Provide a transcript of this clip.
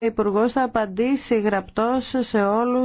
Υπουργός θα απαντήσει γραπτώς σε όλους